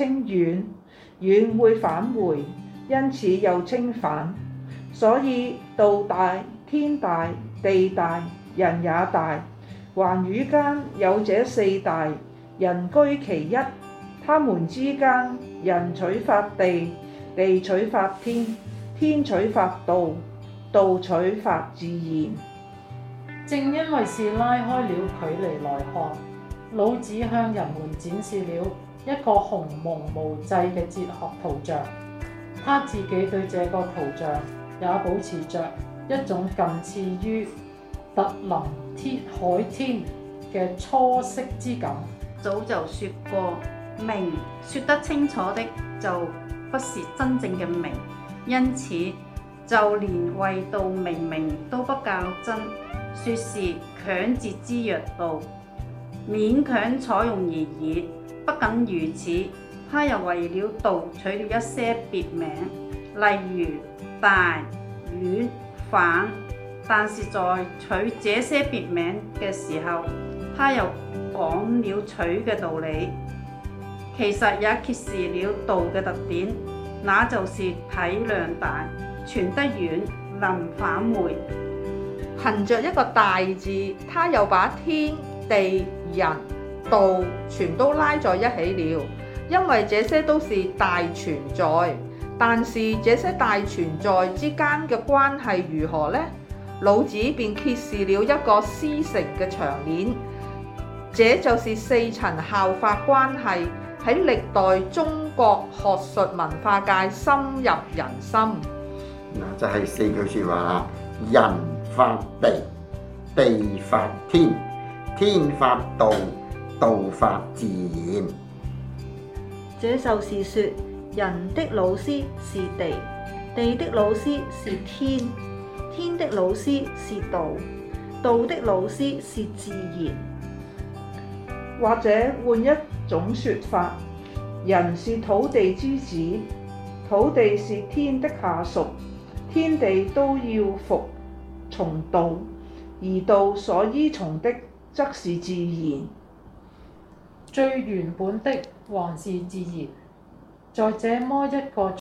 清遠遠會返回，因此又稱返。所以道大、天大、地大、人也大。寰宇間有這四大，人居其一。他們之間，人取法地，地取法天，天取法道，道取法自然。正因為是拉開了距離來看。老子向人們展示了一個鴻蒙無際嘅哲學圖像，他自己對這個圖像也保持着一種近似於突林天海天嘅初識之感。早就說過，名説得清楚的就不是真正嘅名，因此就連為道命名都不較真，説是強字之曰道。勉強採用而已。不僅如此，他又為了道取了一些別名，例如大、遠、反。但是在取這些別名嘅時候，他又講了取嘅道理，其實也揭示了道嘅特點，那就是體量大、傳得遠、能返回。憑着一個大字，他又把天地人道全都拉在一起了，因為這些都是大存在。但是這些大存在之間嘅關係如何呢？老子便揭示了一個師承嘅長鏈。這就是四層效法關係，喺歷代中國學術文化界深入人心。嗱，就係四句說話：人法地，地法天。天法道，道法自然。這就是說，人的老師是地，地的老師是天，天的老師是道，道的老師是自然。或者換一種說法，人是土地之子，土地是天的下屬，天地都要服從道，而道所依從的。則是自然，最原本的還是自然，在這麼一個。